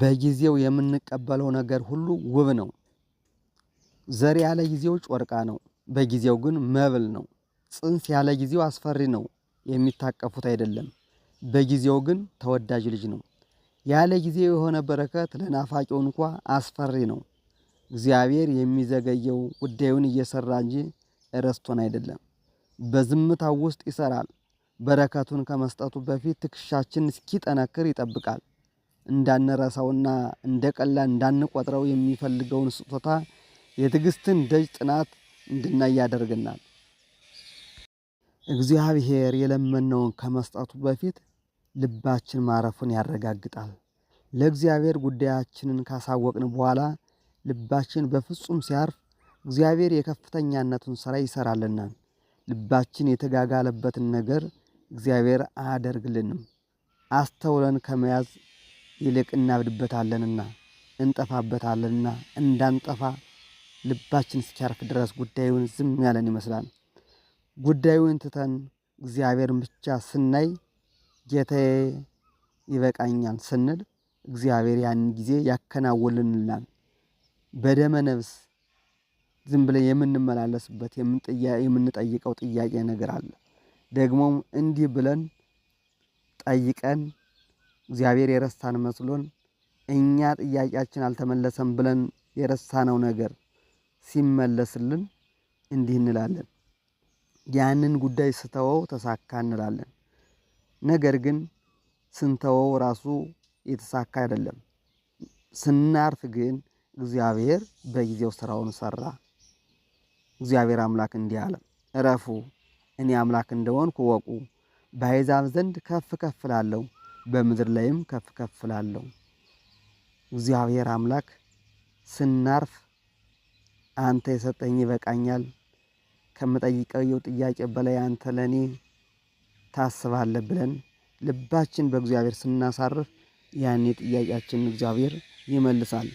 በጊዜው የምንቀበለው ነገር ሁሉ ውብ ነው። ዘር ያለ ጊዜው ጮርቃ ነው፣ በጊዜው ግን መብል ነው። ጽንስ ያለ ጊዜው አስፈሪ ነው፣ የሚታቀፉት አይደለም። በጊዜው ግን ተወዳጅ ልጅ ነው። ያለ ጊዜው የሆነ በረከት ለናፋቂው እንኳ አስፈሪ ነው። እግዚአብሔር የሚዘገየው ጉዳዩን እየሰራ እንጂ እረስቶን አይደለም። በዝምታው ውስጥ ይሰራል። በረከቱን ከመስጠቱ በፊት ትከሻችን እስኪጠነክር ይጠብቃል። እንዳንረሳውና እንደ ቀላል እንዳንቆጥረው የሚፈልገውን ስጦታ የትዕግስትን ደጅ ጥናት እንድናይ ያደርግናል። እግዚአብሔር የለመነውን ከመስጠቱ በፊት ልባችን ማረፉን ያረጋግጣል። ለእግዚአብሔር ጉዳያችንን ካሳወቅን በኋላ ልባችን በፍጹም ሲያርፍ እግዚአብሔር የከፍተኛነቱን ሥራ ይሠራልናል። ልባችን የተጋጋለበትን ነገር እግዚአብሔር አያደርግልንም። አስተውለን ከመያዝ ይልቅ እናብድበታለንና እንጠፋበታለንና እንዳንጠፋ ልባችን እስኪያርፍ ድረስ ጉዳዩን ዝም ያለን ይመስላል። ጉዳዩን ትተን እግዚአብሔርን ብቻ ስናይ ጌታዬ ይበቃኛል ስንል እግዚአብሔር ያን ጊዜ ያከናወልንላል። በደመ ነብስ ዝም ብለን የምንመላለስበት የምንጠይቀው ጥያቄ ነገር አለ። ደግሞም እንዲህ ብለን ጠይቀን እግዚአብሔር የረሳን መስሎን እኛ ጥያቄያችን አልተመለሰም ብለን የረሳነው ነገር ሲመለስልን እንዲህ እንላለን፣ ያንን ጉዳይ ስተወው ተሳካ እንላለን። ነገር ግን ስንተወው ራሱ የተሳካ አይደለም። ስናርፍ ግን እግዚአብሔር በጊዜው ስራውን ሰራ። እግዚአብሔር አምላክ እንዲህ አለ፣ እረፉ፣ እኔ አምላክ እንደሆንኩ ወቁ፣ በአሕዛብ ዘንድ ከፍ ከፍ እላለሁ በምድር ላይም ከፍ ከፍ ላለው እግዚአብሔር አምላክ ስናርፍ አንተ የሰጠኝ ይበቃኛል፣ ከምጠይቀው ጥያቄ በላይ አንተ ለእኔ ታስባለህ ብለን ልባችን በእግዚአብሔር ስናሳርፍ ያኔ ጥያቄያችንን እግዚአብሔር ይመልሳል።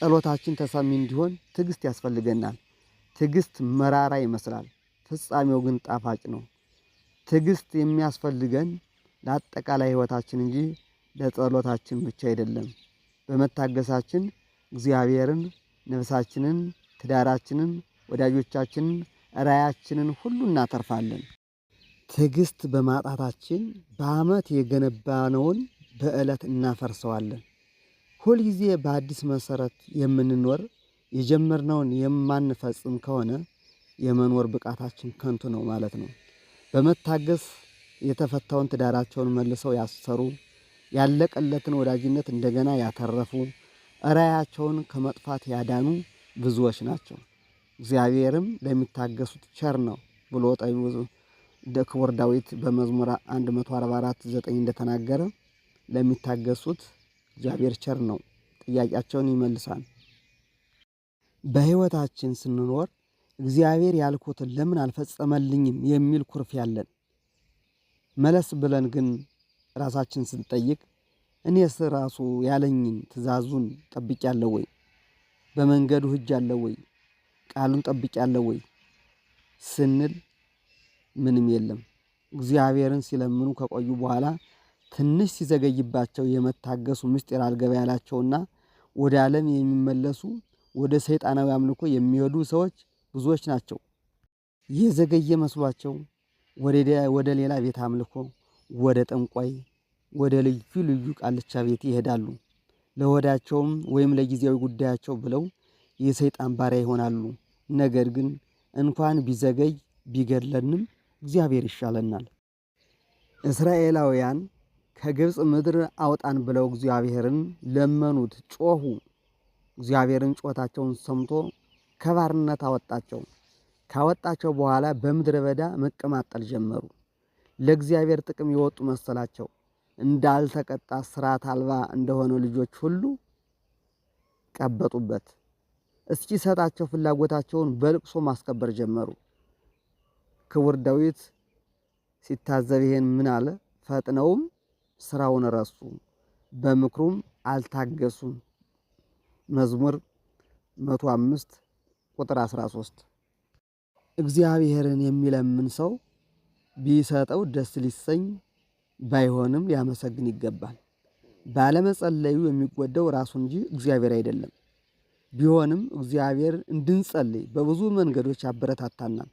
ጸሎታችን ተሰሚ እንዲሆን ትዕግስት ያስፈልገናል። ትዕግስት መራራ ይመስላል፣ ፍጻሜው ግን ጣፋጭ ነው። ትዕግስት የሚያስፈልገን ለአጠቃላይ ህይወታችን እንጂ ለጸሎታችን ብቻ አይደለም። በመታገሳችን እግዚአብሔርን፣ ነፍሳችንን፣ ትዳራችንን፣ ወዳጆቻችንን፣ ራያችንን ሁሉ እናተርፋለን። ትዕግስት በማጣታችን በዓመት የገነባነውን በዕለት እናፈርሰዋለን። ሁልጊዜ በአዲስ መሰረት የምንኖር የጀመርነውን የማንፈጽም ከሆነ የመኖር ብቃታችን ከንቱ ነው ማለት ነው። በመታገስ የተፈታውን ትዳራቸውን መልሰው ያሰሩ፣ ያለቀለትን ወዳጅነት እንደገና ያተረፉ፣ ራያቸውን ከመጥፋት ያዳኑ ብዙዎች ናቸው። እግዚአብሔርም ለሚታገሱት ቸር ነው ብሎ ክቡር ዳዊት በመዝሙር 144 9 እንደተናገረ ለሚታገሱት እግዚአብሔር ቸር ነው፣ ጥያቄያቸውን ይመልሳል። በሕይወታችን ስንኖር እግዚአብሔር ያልኩትን ለምን አልፈጸመልኝም የሚል ኩርፍ ያለን መለስ ብለን ግን ራሳችን ስንጠይቅ እኔስ ራሱ ያለኝን ትእዛዙን ጠብቄያለሁ ወይ? በመንገዱ ህጅ ሄጃለሁ ወይ? ቃሉን ጠብቄያለሁ ወይ? ስንል ምንም የለም። እግዚአብሔርን ሲለምኑ ከቆዩ በኋላ ትንሽ ሲዘገይባቸው የመታገሱ ምስጢር አልገባ ያላቸውና ወደ ዓለም የሚመለሱ ወደ ሰይጣናዊ አምልኮ የሚሄዱ ሰዎች ብዙዎች ናቸው። የዘገየ መስሏቸው ወደ ሌላ ቤት አምልኮ፣ ወደ ጠንቋይ፣ ወደ ልዩ ልዩ ቃልቻ ቤት ይሄዳሉ። ለሆዳቸውም ወይም ለጊዜያዊ ጉዳያቸው ብለው የሰይጣን ባሪያ ይሆናሉ። ነገር ግን እንኳን ቢዘገይ ቢገድለንም እግዚአብሔር ይሻለናል። እስራኤላውያን ከግብፅ ምድር አውጣን ብለው እግዚአብሔርን ለመኑት፣ ጮኹ። እግዚአብሔርን ጮታቸውን ሰምቶ ከባርነት አወጣቸው። ካወጣቸው በኋላ በምድረ በዳ መቀማጠል ጀመሩ። ለእግዚአብሔር ጥቅም የወጡ መሰላቸው። እንዳልተቀጣ ስርዓት አልባ እንደሆነ ልጆች ሁሉ ቀበጡበት። እስኪ ሰጣቸው ፍላጎታቸውን በልቅሶ ማስከበር ጀመሩ። ክቡር ዳዊት ሲታዘብ ይሄን ምን አለ? ፈጥነውም ስራውን ረሱ፣ በምክሩም አልታገሱም። መዝሙር 105 ቁጥር 13 እግዚአብሔርን የሚለምን ሰው ቢሰጠው ደስ ሊሰኝ ባይሆንም ሊያመሰግን ይገባል። ባለመጸለዩ የሚጎዳው ራሱ እንጂ እግዚአብሔር አይደለም። ቢሆንም እግዚአብሔር እንድንጸልይ በብዙ መንገዶች ያበረታታናል።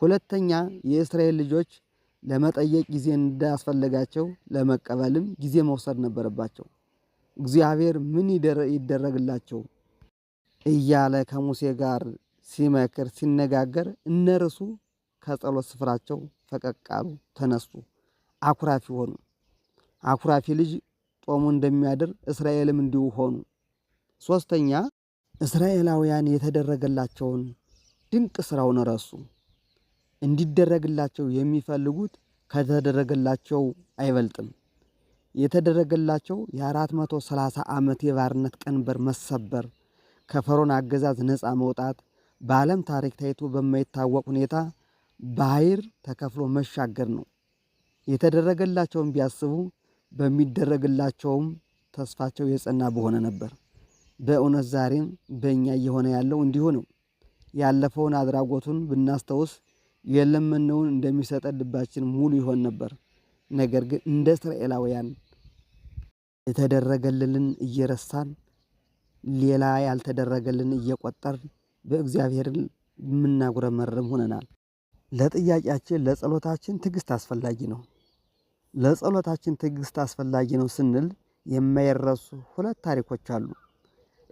ሁለተኛ የእስራኤል ልጆች ለመጠየቅ ጊዜ እንዳስፈለጋቸው ለመቀበልም ጊዜ መውሰድ ነበረባቸው። እግዚአብሔር ምን ይደረግላቸው እያለ ከሙሴ ጋር ሲመክር ሲነጋገር እነርሱ ከጸሎት ስፍራቸው ፈቀቅ አሉ፣ ተነሱ፣ አኩራፊ ሆኑ። አኩራፊ ልጅ ጦሙ እንደሚያድር እስራኤልም እንዲሁ ሆኑ። ሶስተኛ እስራኤላውያን የተደረገላቸውን ድንቅ ስራውን ረሱ። እንዲደረግላቸው የሚፈልጉት ከተደረገላቸው አይበልጥም። የተደረገላቸው የ ሰላሳ ዓመት የባርነት ቀንበር መሰበር፣ ከፈሮን አገዛዝ ነፃ መውጣት፣ በዓለም ታሪክ ታይቶ በማይታወቅ ሁኔታ ባህር ተከፍሎ መሻገር ነው። የተደረገላቸውን ቢያስቡ በሚደረግላቸውም ተስፋቸው የጸና በሆነ ነበር። በእውነት ዛሬም በእኛ እየሆነ ያለው እንዲሁ ነው። ያለፈውን አድራጎቱን ብናስታውስ የለመነውን እንደሚሰጠን ልባችን ሙሉ ይሆን ነበር። ነገር ግን እንደ እስራኤላውያን የተደረገልንን እየረሳን ሌላ ያልተደረገልን እየቆጠርን በእግዚአብሔር የምናጉረመርም ሆነናል። ለጥያቄያችን ለጸሎታችን ትዕግስት አስፈላጊ ነው። ለጸሎታችን ትዕግስት አስፈላጊ ነው ስንል የማይረሱ ሁለት ታሪኮች አሉ።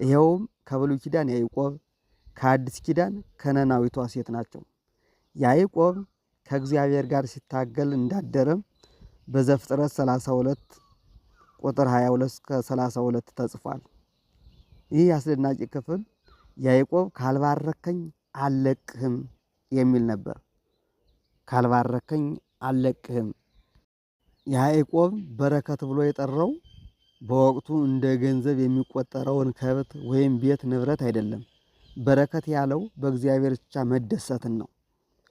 ይኸውም ከብሉይ ኪዳን ያዕቆብ፣ ከአዲስ ኪዳን ከነናዊቷ ሴት ናቸው። ያዕቆብ ከእግዚአብሔር ጋር ሲታገል እንዳደረም በዘፍጥረት 32 ቁጥር 22 እስከ 32 ተጽፏል። ይህ አስደናቂ ክፍል ያዕቆብ ካልባረከኝ አልለቅህም የሚል ነበር። ካልባረከኝ አልለቅህም። ያዕቆብ በረከት ብሎ የጠራው በወቅቱ እንደ ገንዘብ የሚቆጠረውን ከብት ወይም ቤት ንብረት አይደለም። በረከት ያለው በእግዚአብሔር ብቻ መደሰትን ነው።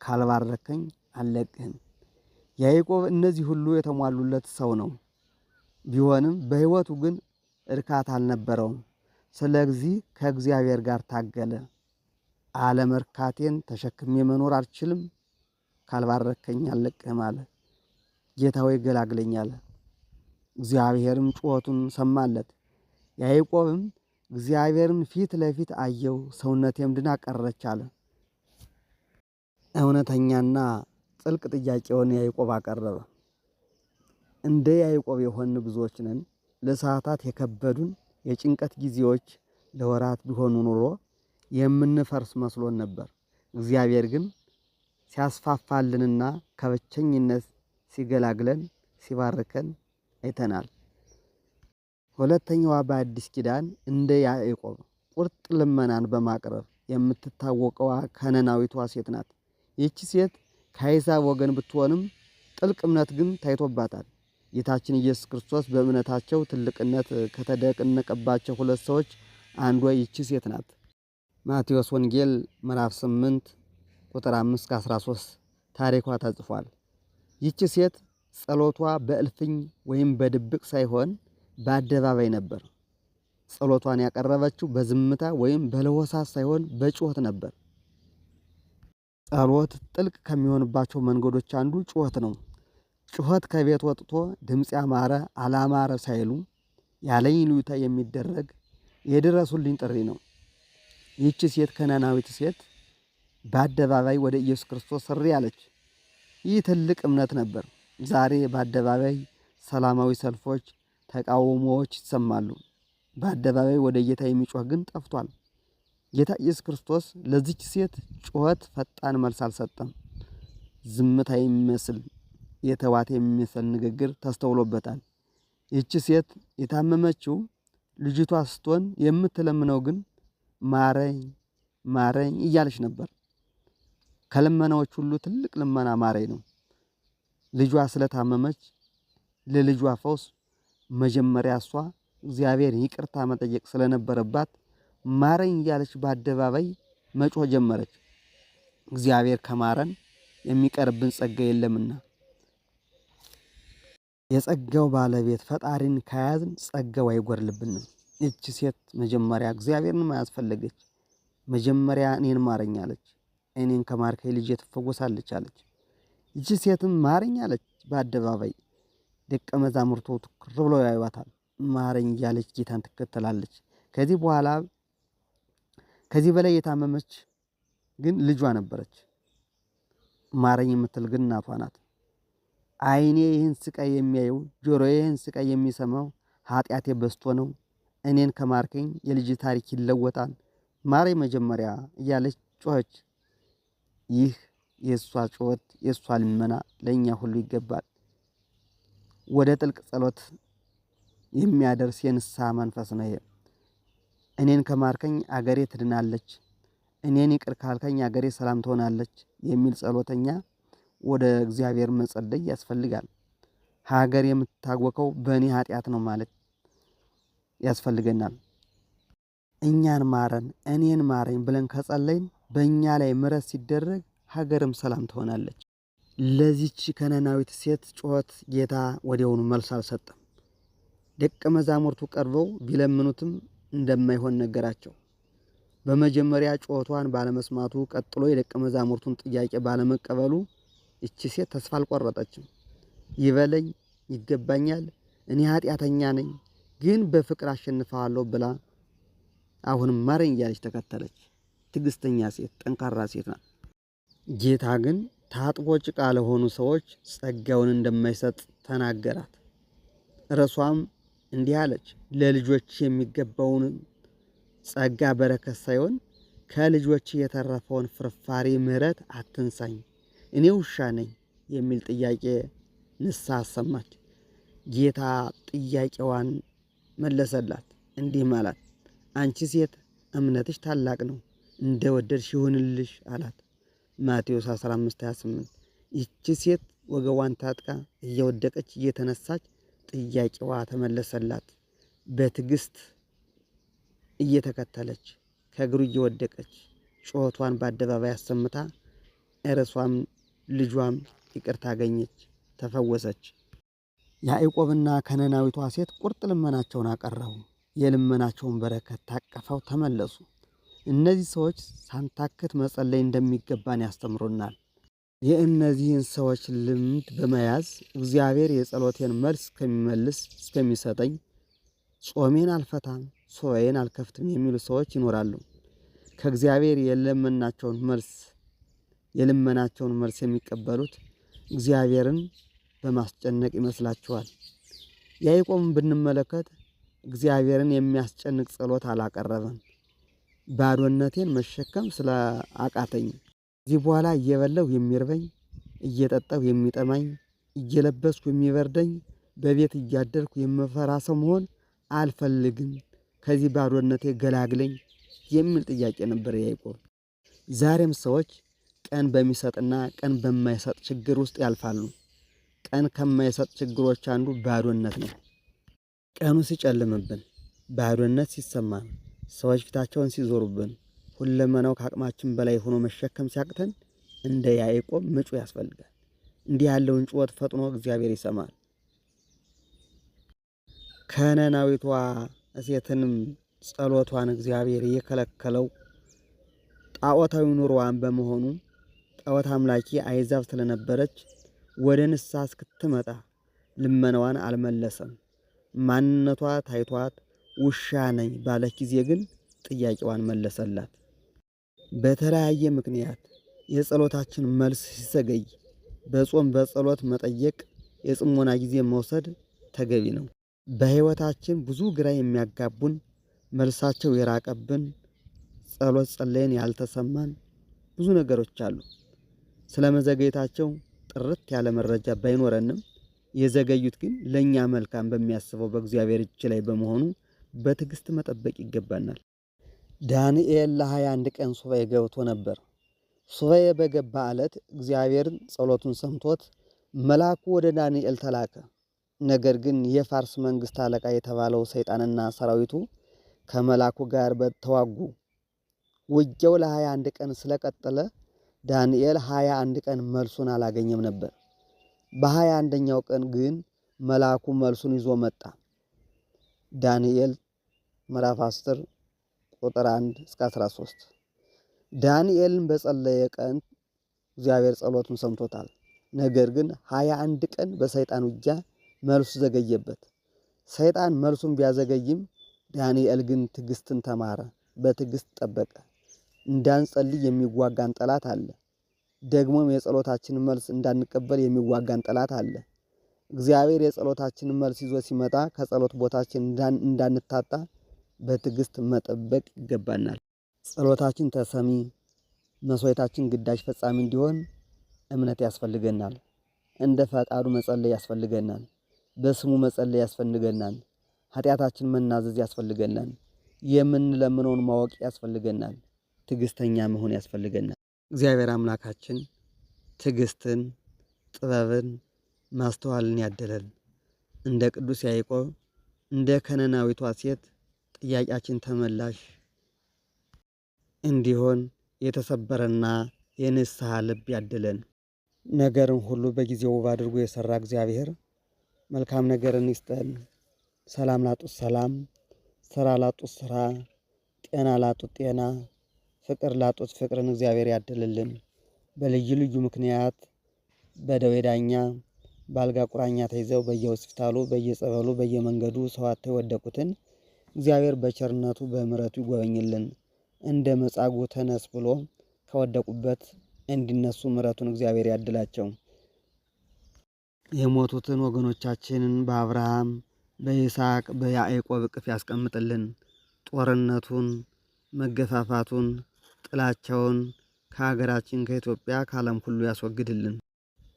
ካልባረከኝ አልለቅህም። ያዕቆብ እነዚህ ሁሉ የተሟሉለት ሰው ነው። ቢሆንም በሕይወቱ ግን እርካታ አልነበረውም። ስለዚህ ከእግዚአብሔር ጋር ታገለ። አለመርካቴን ተሸክሜ መኖር አልችልም፣ ካልባረከኝ አልለቅህም አለ። ጌታ ሆይ ገላግለኝ አለ። እግዚአብሔርም ጩኸቱን ሰማለት። ያዕቆብም እግዚአብሔርን ፊት ለፊት አየው፣ ሰውነቴም ድና ቀረች አለ። እውነተኛና ጥልቅ ጥያቄውን ያዕቆብ አቀረበ። እንደ ያዕቆብ የሆን ብዙዎች ነን። ለሰዓታት የከበዱን የጭንቀት ጊዜዎች ለወራት ቢሆኑ ኑሮ የምንፈርስ መስሎን ነበር። እግዚአብሔር ግን ሲያስፋፋልንና ከብቸኝነት ሲገላግለን ሲባርከን አይተናል። ሁለተኛዋ በአዲስ ኪዳን እንደ ያዕቆብ ቁርጥ ልመናን በማቅረብ የምትታወቀዋ ከነናዊቷ ሴት ናት። ይቺ ሴት ከአሕዛብ ወገን ብትሆንም ጥልቅ እምነት ግን ታይቶባታል። ጌታችን ኢየሱስ ክርስቶስ በእምነታቸው ትልቅነት ከተደቀነቀባቸው ሁለት ሰዎች አንዷ ይቺ ሴት ናት። ማቴዎስ ወንጌል ምዕራፍ 8 ቁጥር 5 እስከ 13 ታሪኳ ተጽፏል። ይቺ ሴት ጸሎቷ በእልፍኝ ወይም በድብቅ ሳይሆን በአደባባይ ነበር። ጸሎቷን ያቀረበችው በዝምታ ወይም በለወሳ ሳይሆን በጩኸት ነበር። ጸሎት ጥልቅ ከሚሆንባቸው መንገዶች አንዱ ጩኸት ነው። ጩኸት ከቤት ወጥቶ ድምፅ ያማረ አላማረ ሳይሉ ያለኝ ልዩታ የሚደረግ የድረሱልኝ ጥሪ ነው። ይህች ሴት ከነናዊት ሴት በአደባባይ ወደ ኢየሱስ ክርስቶስ ስሪ አለች። ይህ ትልቅ እምነት ነበር። ዛሬ በአደባባይ ሰላማዊ ሰልፎች፣ ተቃውሞዎች ይሰማሉ። በአደባባይ ወደ ጌታ የሚጮህ ግን ጠፍቷል። ጌታ ኢየሱስ ክርስቶስ ለዚች ሴት ጩኸት ፈጣን መልስ አልሰጠም። ዝምታ የሚመስል የተዋተ የሚመስል ንግግር ተስተውሎበታል። ይቺ ሴት የታመመችው ልጅቷ ስትሆን የምትለምነው ግን ማረኝ ማረኝ እያለች ነበር። ከልመናዎች ሁሉ ትልቅ ልመና ማረኝ ነው። ልጇ ስለታመመች ለልጇ ፈውስ መጀመሪያ እሷ እግዚአብሔር ይቅርታ መጠየቅ ስለነበረባት ማረኝ እያለች በአደባባይ መጮህ ጀመረች። እግዚአብሔር ከማረን የሚቀርብን ጸጋ የለምና የጸጋው ባለቤት ፈጣሪን ከያዝን ጸጋው አይጎርልብንም። እች ሴት መጀመሪያ እግዚአብሔርን ፈለገች። መጀመሪያ እኔን ማረኝ አለች። እኔን ከማርከኝ ልጄ ትፈወሳለች አለች። እች ሴትም ማረኝ አለች በአደባባይ ደቀ መዛሙርቱ ትኩር ብለው ያዩዋታል። ማረኝ እያለች ጌታን ትከተላለች። ከዚህ በኋላ ከዚህ በላይ የታመመች ግን ልጇ ነበረች። ማረኝ የምትል ግን እናቷ ናት። ዓይኔ ይህን ስቃይ የሚያየው ጆሮ ይህን ስቃይ የሚሰማው ኃጢአቴ በስቶ ነው። እኔን ከማርከኝ የልጅ ታሪክ ይለወጣል። ማሬ መጀመሪያ እያለች ጮኸች። ይህ የእሷ ጩኸት የእሷ ልመና ለእኛ ሁሉ ይገባል። ወደ ጥልቅ ጸሎት የሚያደርስ የንስሐ መንፈስ ነው ይሄ። እኔን ከማርከኝ አገሬ ትድናለች፣ እኔን ይቅር ካልከኝ አገሬ ሰላም ትሆናለች የሚል ጸሎተኛ ወደ እግዚአብሔር መጸለይ ያስፈልጋል። ሀገር የምትታወቀው በእኔ ኃጢአት ነው ማለት ያስፈልገናል። እኛን ማረን፣ እኔን ማረኝ ብለን ከጸለይን በእኛ ላይ ምረት ሲደረግ ሀገርም ሰላም ትሆናለች። ለዚች ከነናዊት ሴት ጩኸት ጌታ ወዲያውኑ መልስ አልሰጠም። ደቀ መዛሙርቱ ቀርበው ቢለምኑትም እንደማይሆን ነገራቸው። በመጀመሪያ ጩኸቷን ባለመስማቱ፣ ቀጥሎ የደቀ መዛሙርቱን ጥያቄ ባለመቀበሉ እቺ ሴት ተስፋ አልቆረጠችም። ይበለኝ፣ ይገባኛል፣ እኔ ኃጢአተኛ ነኝ፣ ግን በፍቅር አሸንፈዋለሁ ብላ አሁንም ማረኝ እያለች ተከተለች። ትዕግስተኛ ሴት፣ ጠንካራ ሴት ናት። ጌታ ግን ታጥቦ ጭቃ ለሆኑ ሰዎች ጸጋውን እንደማይሰጥ ተናገራት። እርሷም እንዲህ አለች፣ ለልጆች የሚገባውን ጸጋ በረከት ሳይሆን ከልጆች የተረፈውን ፍርፋሪ ምሕረት አትንሳኝ። እኔ ውሻ ነኝ የሚል ጥያቄ ንሳ አሰማች። ጌታ ጥያቄዋን መለሰላት፣ እንዲህም አላት፣ አንቺ ሴት እምነትሽ ታላቅ ነው፣ እንደ ወደድሽ ይሁንልሽ አላት። ማቴዎስ 15:28 ይቺ ሴት ወገቧን ታጥቃ እየወደቀች እየተነሳች ጥያቄዋ ተመለሰላት። በትዕግስት እየተከተለች ከእግሩ እየወደቀች ጩኸቷን በአደባባይ አሰምታ ርሷም ልጇም ይቅርታ አገኘች፣ ተፈወሰች። ያዕቆብና ከነናዊቷ ሴት ቁርጥ ልመናቸውን አቀረቡ። የልመናቸውን በረከት ታቀፈው ተመለሱ። እነዚህ ሰዎች ሳንታክት መጸለይ እንደሚገባን ያስተምሩናል። የእነዚህን ሰዎች ልምድ በመያዝ እግዚአብሔር የጸሎቴን መልስ እስከሚመልስ እስከሚሰጠኝ ጾሜን አልፈታም፣ ሶዬን አልከፍትም የሚሉ ሰዎች ይኖራሉ። ከእግዚአብሔር የለመናቸውን መልስ የልመናቸውን መልስ የሚቀበሉት እግዚአብሔርን በማስጨነቅ ይመስላችኋል። ያዕቆብን ብንመለከት እግዚአብሔርን የሚያስጨንቅ ጸሎት አላቀረበም። ባዶነቴን መሸከም ስለ አቃተኝ እዚህ በኋላ እየበላሁ የሚርበኝ እየጠጣሁ የሚጠማኝ እየለበስኩ የሚበርደኝ በቤት እያደርኩ የምፈራ ሰው መሆን አልፈልግም፣ ከዚህ ባዶነቴ ገላግለኝ የሚል ጥያቄ ነበር ያዕቆብ። ዛሬም ሰዎች ቀን በሚሰጥና ቀን በማይሰጥ ችግር ውስጥ ያልፋሉ። ቀን ከማይሰጥ ችግሮች አንዱ ባዶነት ነው። ቀኑ ሲጨልምብን፣ ባዶነት ሲሰማን፣ ሰዎች ፊታቸውን ሲዞሩብን፣ ሁለመናው ከአቅማችን በላይ ሆኖ መሸከም ሲያቅተን እንደ ያዕቆብ ምጩ ያስፈልጋል። እንዲህ ያለውን ጩኸት ፈጥኖ እግዚአብሔር ይሰማል። ከነናዊቷ እሴትንም ጸሎቷን እግዚአብሔር እየከለከለው ጣዖታዊ ኑሮዋን በመሆኑ ጣዖት አምላኪ አይዛብ ስለነበረች ወደ ንስሐ እስክትመጣ ልመናዋን አልመለሰም። ማንነቷ ታይቷት ውሻ ነኝ ባለች ጊዜ ግን ጥያቄዋን መለሰላት። በተለያየ ምክንያት የጸሎታችን መልስ ሲዘገይ በጾም በጸሎት መጠየቅ፣ የጽሞና ጊዜ መውሰድ ተገቢ ነው። በሕይወታችን ብዙ ግራ የሚያጋቡን መልሳቸው የራቀብን ጸሎት ጸለይን ያልተሰማን ብዙ ነገሮች አሉ። ስለ መዘገየታቸው ጥርት ያለ መረጃ ባይኖረንም የዘገዩት ግን ለእኛ መልካም በሚያስበው በእግዚአብሔር እጅ ላይ በመሆኑ በትዕግስት መጠበቅ ይገባናል። ዳንኤል ለሀያ አንድ ቀን ሱባኤ ገብቶ ነበር። ሱባኤ በገባ ዕለት እግዚአብሔርን ጸሎቱን ሰምቶት መልአኩ ወደ ዳንኤል ተላከ። ነገር ግን የፋርስ መንግሥት አለቃ የተባለው ሰይጣንና ሰራዊቱ ከመልአኩ ጋር ተዋጉ። ውጊያው ለሀያ አንድ ቀን ስለቀጠለ ዳንኤል ሀያ አንድ ቀን መልሱን አላገኘም ነበር። በሀያ አንደኛው ቀን ግን መልአኩ መልሱን ይዞ መጣ። ዳንኤል ምዕራፍ 10 ቁጥር 1 እስከ 13። ዳንኤልን በጸለየ ቀን እግዚአብሔር ጸሎቱን ሰምቶታል። ነገር ግን ሀያ አንድ ቀን በሰይጣን ውጊያ መልሱ ዘገየበት። ሰይጣን መልሱን ቢያዘገይም ዳንኤል ግን ትዕግስትን ተማረ፣ በትዕግስት ጠበቀ። እንዳንጸልይ የሚዋጋን ጠላት አለ። ደግሞም የጸሎታችንን መልስ እንዳንቀበል የሚዋጋን ጠላት አለ። እግዚአብሔር የጸሎታችንን መልስ ይዞ ሲመጣ ከጸሎት ቦታችን እንዳንታጣ በትዕግስት መጠበቅ ይገባናል። ጸሎታችን ተሰሚ፣ መስዋዕታችን ግዳጅ ፈጻሚ እንዲሆን እምነት ያስፈልገናል። እንደ ፈቃዱ መጸለይ ያስፈልገናል። በስሙ መጸለይ ያስፈልገናል። ኃጢአታችን መናዘዝ ያስፈልገናል። የምንለምነውን ማወቅ ያስፈልገናል። ትዕግስተኛ መሆን ያስፈልገናል። እግዚአብሔር አምላካችን ትዕግስትን፣ ጥበብን፣ ማስተዋልን ያደለን እንደ ቅዱስ ያዕቆብ እንደ ከነናዊቷ ሴት ጥያቄያችን ተመላሽ እንዲሆን የተሰበረና የንስሐ ልብ ያደለን ነገርን ሁሉ በጊዜው ውብ አድርጎ የሰራ እግዚአብሔር መልካም ነገርን ይስጠን። ሰላም ላጡት ሰላም፣ ስራ ላጡት ስራ፣ ጤና ላጡት ጤና ፍቅር ላጡት ፍቅርን እግዚአብሔር ያድልልን። በልዩ ልዩ ምክንያት በደዌ ዳኛ በአልጋ ቁራኛ ተይዘው በየሆስፒታሉ በየጸበሉ በየመንገዱ ሰዋት የወደቁትን እግዚአብሔር በቸርነቱ በምረቱ ይጎበኝልን። እንደ መጻጉ ተነስ ብሎ ከወደቁበት እንዲነሱ ምረቱን እግዚአብሔር ያድላቸው። የሞቱትን ወገኖቻችንን በአብርሃም በይስሐቅ በያዕቆብ እቅፍ ያስቀምጥልን። ጦርነቱን መገፋፋቱን ጥላቸውን ከሀገራችን ከኢትዮጵያ ከዓለም ሁሉ ያስወግድልን።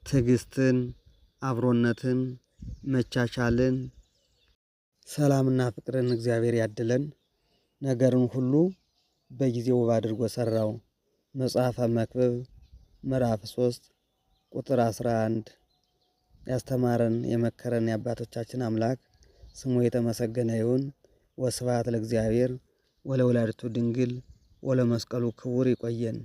ትዕግስትን፣ አብሮነትን፣ መቻቻልን፣ ሰላምና ፍቅርን እግዚአብሔር ያድለን። ነገርን ሁሉ በጊዜው ውብ አድርጎ ሰራው። መጽሐፈ መክብብ ምዕራፍ 3 ቁጥር 11። ያስተማረን የመከረን የአባቶቻችን አምላክ ስሙ የተመሰገነ ይሁን። ወስብሐት ለእግዚአብሔር ወለወላዲቱ ድንግል ወለመስቀሉ ክቡር ይቆየን።